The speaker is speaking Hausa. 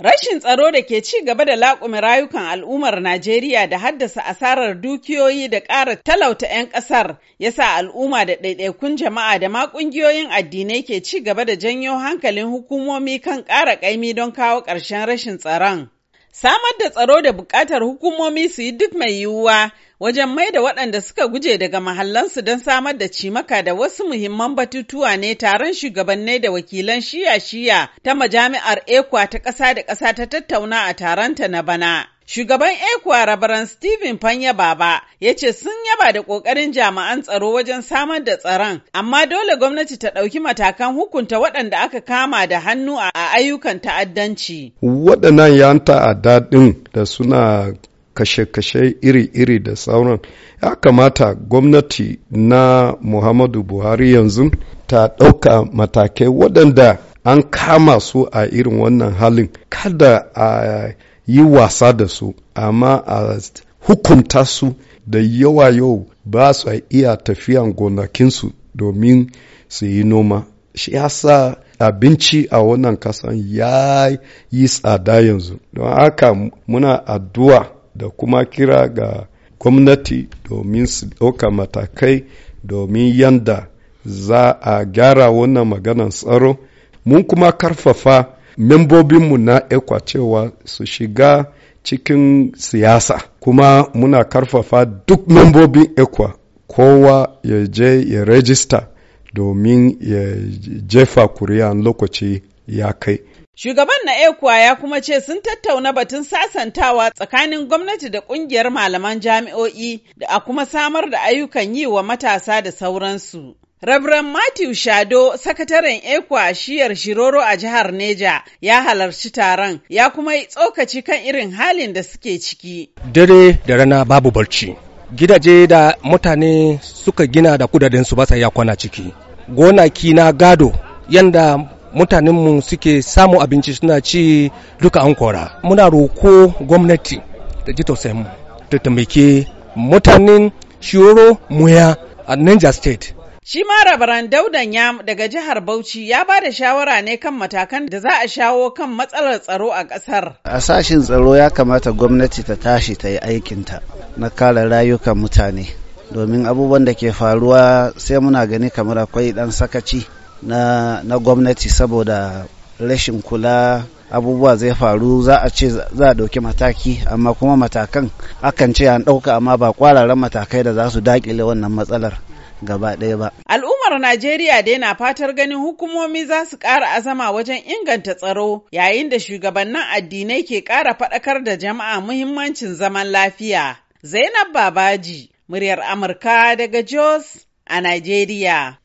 Rashin tsaro da ke ci gaba da laƙumi rayukan al'ummar Najeriya da haddasa asarar dukiyoyi da ƙara talauta 'yan ƙasar ya sa al'umma da ɗaiɗaikun jama'a da ma ƙungiyoyin addinai ke ci gaba da janyo hankalin hukumomi kan ƙara ƙaimi don kawo ƙarshen rashin tsaron. Samar da tsaro da bukatar hukumomi su yi duk mai yiwuwa wajen mai da waɗanda suka guje daga mahallansu don samar da cimaka da wasu muhimman batutuwa ne taron shugabannai da wakilan shiya-shiya ta majami'ar ekwa ta ƙasa da ƙasa ta tattauna a taronta na bana. Shugaban Ekuwa rabaran Stephen Fanya Baba ya ce sun yaba da ƙoƙarin jami'an tsaro wajen samar da tsaron, amma dole gwamnati ta ɗauki matakan hukunta waɗanda aka kama da hannu a ayyukan ta'addanci. Waɗannan yan ta'adda ɗin da suna kashe-kashe iri-iri da sauran, ya kamata gwamnati na Muhammadu Buhari yanzu ta ɗauka matakai waɗanda an kama su a irin wannan halin. Kada a yi wasa da su amma a hukunta su da yawa yau ba su iya tafiyan gonakinsu domin su yi noma shi ya sa abinci a wannan kasan ya yi tsada yanzu don haka muna addu'a da kuma kira ga gwamnati domin su ɗauka matakai domin yanda za a gyara wannan maganan tsaro mun kuma karfafa membobinmu na ekwa cewa su shiga cikin siyasa kuma muna karfafa duk membobin ekwa kowa ya je ya rajista domin ya jefa kuri'a lokaci ya kai Shugaban na ekwa ya kuma ce sun tattauna batun sasantawa tsakanin gwamnati da kungiyar malaman jami'o'i da a kuma samar da ayyukan yi wa matasa da sauransu. Rabran Matthew Shado, sakataren ekwa a shiyar Shiroro a jihar Neja, ya halarci taron ya kuma yi tsokaci kan irin halin da suke ciki. Dare da rana babu barci. Gidaje da mutane suka gina da kudadin su basa yakwana kwana ciki. Gonaki na gado yanda mutanenmu suke samu abinci suna ci duka an kora. Muna roko gwamnati da ji tausayin mu ta mutanen Shiroro Muya a Niger State. Shi ma rabaran Daudan ya daga jihar Bauchi ya ba da shawara ne kan matakan da za a shawo kan matsalar tsaro a ƙasar. A sashin tsaro ya kamata gwamnati ta tashi ta yi aikinta na kare rayukan mutane. Domin abubuwan da ke faruwa sai muna gani kamar akwai ɗan sakaci na, na gwamnati saboda rashin kula abubuwa zai faru za a ce za a ɗauki mataki amma kuma matakan akan ce an ɗauka amma ba kwararren matakai da za su daƙile wannan matsalar gaba ɗaya ba. Al'ummar Najeriya dai na fatar ganin hukumomi za su ƙara azama wajen inganta tsaro yayin da shugabannin addinai ke ƙara faɗakar da jama'a muhimmancin zaman lafiya. Zainab Babaji, muryar Amurka daga Jos a Najeriya.